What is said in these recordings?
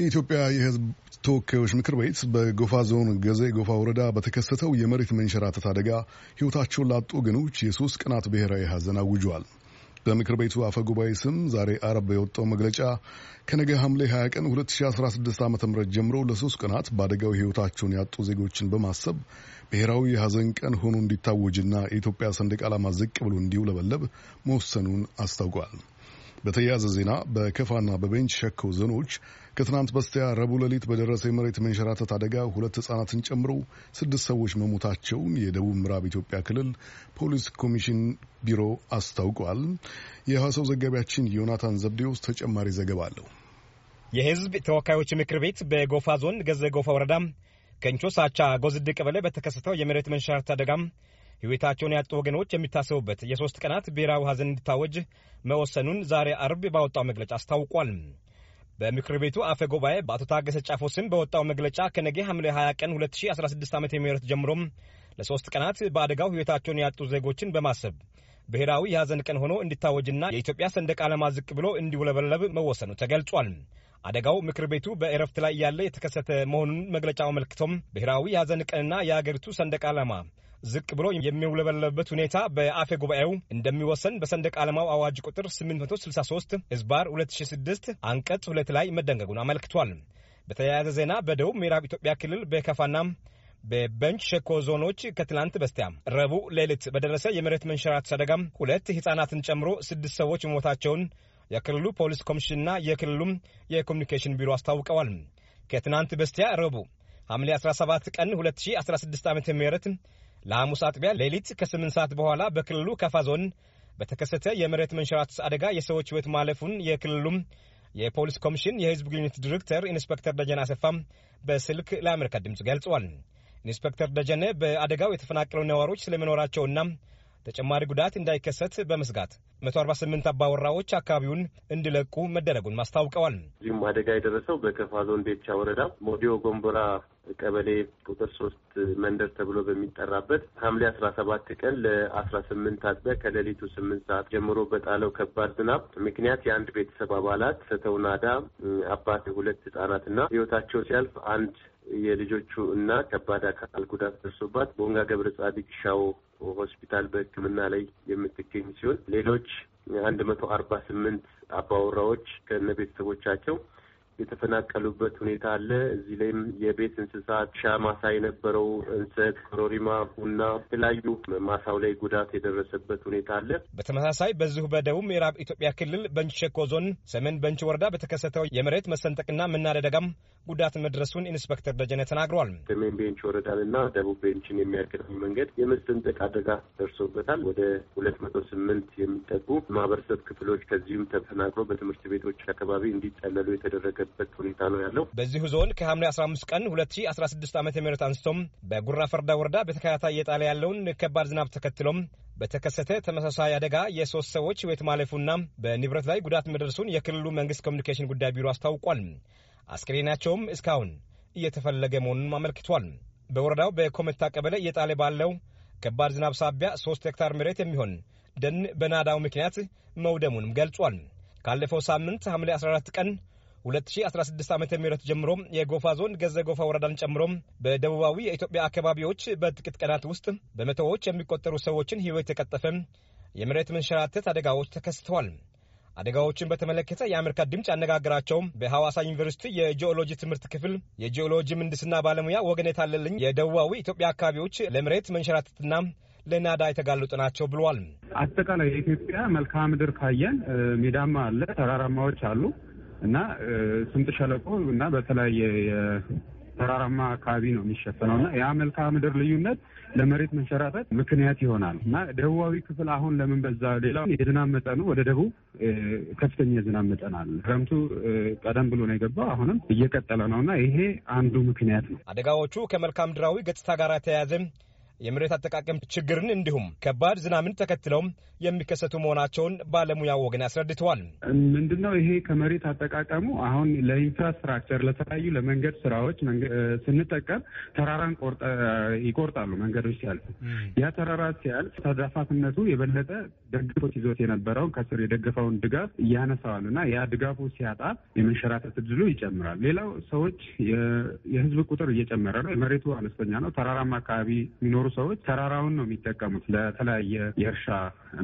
የኢትዮጵያ የሕዝብ ተወካዮች ምክር ቤት በጎፋ ዞን ገዜ ጎፋ ወረዳ በተከሰተው የመሬት መንሸራተት አደጋ ሕይወታቸውን ላጡ ወገኖች የሶስት ቀናት ብሔራዊ ሐዘን አውጇል። በምክር ቤቱ አፈ ጉባኤ ስም ዛሬ አረብ የወጣው መግለጫ ከነገ ሐምሌ 20 ቀን 2016 ዓ ም ጀምሮ ለሶስት ቀናት በአደጋው ሕይወታቸውን ያጡ ዜጎችን በማሰብ ብሔራዊ የሐዘን ቀን ሆኖ እንዲታወጅና የኢትዮጵያ ሰንደቅ ዓላማ ዝቅ ብሎ እንዲውለበለብ መወሰኑን አስታውቋል። በተያያዘ ዜና በከፋና በቤንች ሸኮ ዞኖች ከትናንት በስቲያ ረቡዕ ሌሊት በደረሰ የመሬት መንሸራተት አደጋ ሁለት ሕጻናትን ጨምሮ ስድስት ሰዎች መሞታቸውን የደቡብ ምዕራብ ኢትዮጵያ ክልል ፖሊስ ኮሚሽን ቢሮ አስታውቋል። የሐዋሳው ዘጋቢያችን ዮናታን ዘብዴዎስ ተጨማሪ ዘገባ አለው። የሕዝብ ተወካዮች ምክር ቤት በጎፋ ዞን ገዘ ጎፋ ወረዳ ከንቾ ሳቻ ጎዝድ ቀበሌ በተከሰተው የመሬት መንሸራተት አደጋ ሕይወታቸውን ያጡ ወገኖች የሚታሰቡበት የሶስት ቀናት ብሔራዊ ሐዘን እንዲታወጅ መወሰኑን ዛሬ አርብ ባወጣው መግለጫ አስታውቋል። በምክር ቤቱ አፈ ጉባኤ በአቶ ታገሰ ጫፎ ስም በወጣው መግለጫ ከነገ ሐምሌ 20 ቀን 2016 ዓ ም ጀምሮም ለሶስት ቀናት በአደጋው ሕይወታቸውን ያጡ ዜጎችን በማሰብ ብሔራዊ የሐዘን ቀን ሆኖ እንዲታወጅና የኢትዮጵያ ሰንደቅ ዓላማ ዝቅ ብሎ እንዲውለበለብ መወሰኑ ተገልጿል። አደጋው ምክር ቤቱ በእረፍት ላይ እያለ የተከሰተ መሆኑን መግለጫው አመልክቶም ብሔራዊ የሐዘን ቀንና የአገሪቱ ሰንደቅ ዓላማ ዝቅ ብሎ የሚውለበለብበት ሁኔታ በአፈ ጉባኤው እንደሚወሰን በሰንደቅ ዓላማው አዋጅ ቁጥር 863 ህዝባር 2006 አንቀጽ ሁለት ላይ መደንገጉን አመልክቷል። በተያያዘ ዜና በደቡብ ምዕራብ ኢትዮጵያ ክልል በከፋና በበንች ሸኮ ዞኖች ከትላንት በስቲያ ረቡዕ ሌሊት በደረሰ የመሬት መንሸራት አደጋ ሁለት ህጻናትን ጨምሮ ስድስት ሰዎች መሞታቸውን የክልሉ ፖሊስ ኮሚሽንና የክልሉም የኮሚኒኬሽን ቢሮ አስታውቀዋል። ከትናንት በስቲያ ረቡዕ ሐምሌ 17 ቀን 2016 ዓ ም ለሐሙስ አጥቢያ ሌሊት ከ8 ሰዓት በኋላ በክልሉ ከፋ ዞን በተከሰተ የመሬት መንሸራተት አደጋ የሰዎች ሕይወት ማለፉን የክልሉም የፖሊስ ኮሚሽን የህዝብ ግንኙነት ዲሬክተር ኢንስፔክተር ደጀን አሰፋ በስልክ ለአሜሪካ ድምፅ ገልጿል። ኢንስፔክተር ደጀነ በአደጋው የተፈናቀሉ ነዋሪዎች ስለመኖራቸውና ተጨማሪ ጉዳት እንዳይከሰት በመስጋት 148 አባወራዎች አካባቢውን እንዲለቁ መደረጉን ማስታውቀዋል። እዚሁም አደጋ የደረሰው በከፋ ዞን ቤቻ ወረዳ ሞዲዮ ጎንቦራ ቀበሌ ቁጥር ሶስት መንደር ተብሎ በሚጠራበት ሐምሌ አስራ ሰባት ቀን ለአስራ ስምንት አጥቢያ ከሌሊቱ ስምንት ሰዓት ጀምሮ በጣለው ከባድ ዝናብ ምክንያት የአንድ ቤተሰብ አባላት ሰተውናዳ አባት፣ ሁለት ህጻናት ህይወታቸው ሲያልፍ አንድ የልጆቹ እና ከባድ አካል ጉዳት ደርሶባት ቦንጋ ገብረ ጻዲቅ ሻው ሆስፒታል በሕክምና ላይ የምትገኝ ሲሆን ሌሎች አንድ መቶ አርባ ስምንት አባወራዎች ከነ ቤተሰቦቻቸው የተፈናቀሉበት ሁኔታ አለ። እዚህ ላይም የቤት እንስሳት ሻ ማሳ የነበረው እንሰት፣ ኮረሪማ፣ ቡና የተለያዩ ማሳው ላይ ጉዳት የደረሰበት ሁኔታ አለ። በተመሳሳይ በዚሁ በደቡብ ምዕራብ ኢትዮጵያ ክልል በንች ሸኮ ዞን ሰሜን በንች ወረዳ በተከሰተው የመሬት መሰንጠቅና መናድ አደጋም ጉዳት መድረሱን ኢንስፔክተር ደጀነ ተናግሯል። ሰሜን ቤንች ወረዳንና ደቡብ ቤንችን የሚያገናኝ መንገድ የመሰንጠቅ አደጋ ደርሶበታል። ወደ ሁለት መቶ ስምንት የሚጠጉ ማህበረሰብ ክፍሎች ከዚሁም ተፈናቅሎ በትምህርት ቤቶች አካባቢ እንዲጠለሉ የተደረገ የሚያልፍበት ሁኔታ ነው ያለው። በዚሁ ዞን ከሐምሌ አስራ አምስት ቀን ሁለት ሺ አስራ ስድስት አንስቶም በጉራ ፈርዳ ወረዳ በተከታታይ የጣለ ያለውን ከባድ ዝናብ ተከትሎም በተከሰተ ተመሳሳይ አደጋ የሶስት ሰዎች ሕይወት ማለፉና በንብረት ላይ ጉዳት መድረሱን የክልሉ መንግስት ኮሚኒኬሽን ጉዳይ ቢሮ አስታውቋል። አስክሬናቸውም እስካሁን እየተፈለገ መሆኑንም አመልክቷል። በወረዳው በኮመታ ቀበሌ እየጣለ ባለው ከባድ ዝናብ ሳቢያ ሶስት ሄክታር መሬት የሚሆን ደን በናዳው ምክንያት መውደሙንም ገልጿል። ካለፈው ሳምንት ሐምሌ 14 ቀን 2016 ዓ ም ጀምሮ የጎፋ ዞን ገዘ ጎፋ ወረዳን ጨምሮ በደቡባዊ የኢትዮጵያ አካባቢዎች በጥቂት ቀናት ውስጥ በመቶዎች የሚቆጠሩ ሰዎችን ህይወት የቀጠፈ የመሬት መንሸራተት አደጋዎች ተከስተዋል። አደጋዎችን በተመለከተ የአሜሪካ ድምፅ ያነጋገራቸው በሐዋሳ ዩኒቨርሲቲ የጂኦሎጂ ትምህርት ክፍል የጂኦሎጂ ምህንድስና ባለሙያ ወገን የታለልኝ የደቡባዊ ኢትዮጵያ አካባቢዎች ለመሬት መንሸራተትና ለናዳ የተጋለጡ ናቸው ብሏል። አጠቃላይ የኢትዮጵያ መልክዓ ምድር ካየን ሜዳማ አለ፣ ተራራማዎች አሉ እና ስምጥ ሸለቆ እና በተለያየ ተራራማ አካባቢ ነው የሚሸፈነው እና ያ መልክዓ ምድር ልዩነት ለመሬት መንሸራተት ምክንያት ይሆናል እና ደቡባዊ ክፍል አሁን ለምን በዛ? ሌላው የዝናብ መጠኑ ወደ ደቡብ ከፍተኛ የዝናብ መጠን አለ። ክረምቱ ቀደም ብሎ ነው የገባው፣ አሁንም እየቀጠለ ነው እና ይሄ አንዱ ምክንያት ነው። አደጋዎቹ ከመልክዓ ምድራዊ ገጽታ ጋር ተያያዘ የመሬት አጠቃቀም ችግርን እንዲሁም ከባድ ዝናምን ተከትለው የሚከሰቱ መሆናቸውን ባለሙያ ወገን አስረድተዋል። ምንድነው ይሄ ከመሬት አጠቃቀሙ አሁን ለኢንፍራስትራክቸር ለተለያዩ ለመንገድ ስራዎች ስንጠቀም ተራራን ይቆርጣሉ። መንገዶች ሲያልፉ ያ ተራራ ሲያልፍ ተዳፋትነቱ የበለጠ ደግፎች ይዞት የነበረውን ከስር የደገፈውን ድጋፍ እያነሳዋል እና ያ ድጋፉ ሲያጣ የመንሸራተት እድሉ ይጨምራል። ሌላው ሰዎች የህዝብ ቁጥር እየጨመረ ነው። የመሬቱ አነስተኛ ነው። ተራራማ አካባቢ የሚኖሩ ሰዎች ተራራውን ነው የሚጠቀሙት ለተለያየ የእርሻ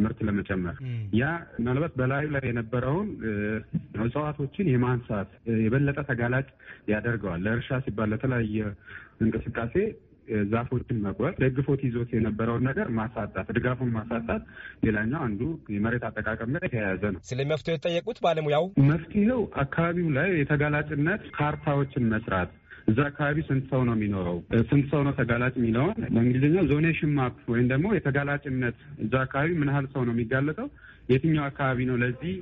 ምርት ለመጨመር። ያ ምናልባት በላዩ ላይ የነበረውን እጽዋቶችን የማንሳት የበለጠ ተጋላጭ ያደርገዋል። ለእርሻ ሲባል ለተለያየ እንቅስቃሴ ዛፎችን መቁረጥ ደግፎት ይዞት የነበረውን ነገር ማሳጣት፣ ድጋፉን ማሳጣት ሌላኛው አንዱ የመሬት አጠቃቀም ላይ የተያያዘ ነው። ስለ መፍትሄ የጠየቁት ባለሙያው መፍትሄው አካባቢው ላይ የተጋላጭነት ካርታዎችን መስራት እዛ አካባቢ ስንት ሰው ነው የሚኖረው፣ ስንት ሰው ነው ተጋላጭ የሚለውን በእንግሊዝኛ ዞኔሽን ማፕ ወይም ደግሞ የተጋላጭነት እዛ አካባቢ ምን ያህል ሰው ነው የሚጋለጠው፣ የትኛው አካባቢ ነው ለዚህ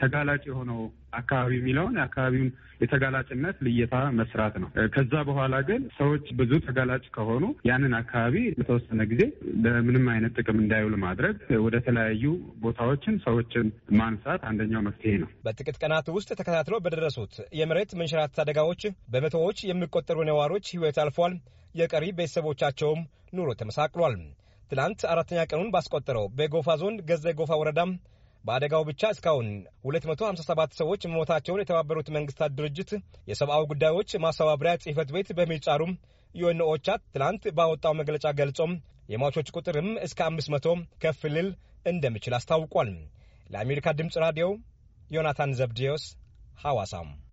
ተጋላጭ የሆነው አካባቢ የሚለውን የአካባቢውን የተጋላጭነት ልየታ መስራት ነው። ከዛ በኋላ ግን ሰዎች ብዙ ተጋላጭ ከሆኑ ያንን አካባቢ ለተወሰነ ጊዜ ለምንም አይነት ጥቅም እንዳይውል ማድረግ፣ ወደ ተለያዩ ቦታዎችን ሰዎችን ማንሳት አንደኛው መፍትሄ ነው። በጥቂት ቀናት ውስጥ ተከታትለው በደረሱት የመሬት መንሸራተት አደጋዎች በመቶዎች የሚቆጠሩ ነዋሪዎች ህይወት አልፏል። የቀሪ ቤተሰቦቻቸውም ኑሮ ተመሳቅሏል። ትናንት አራተኛ ቀኑን ባስቆጠረው በጎፋ ዞን ገዘ ጎፋ ወረዳም በአደጋው ብቻ እስካሁን 257 ሰዎች መሞታቸውን የተባበሩት መንግስታት ድርጅት የሰብአዊ ጉዳዮች ማስተባበሪያ ጽህፈት ቤት በምህጻሩም ዩኤን ኦቻ ትናንት ባወጣው መግለጫ ገልጾም የሟቾች ቁጥርም እስከ 500 ከፍ ሊል እንደሚችል አስታውቋል። ለአሜሪካ ድምፅ ራዲዮ ዮናታን ዘብዲዮስ ሐዋሳም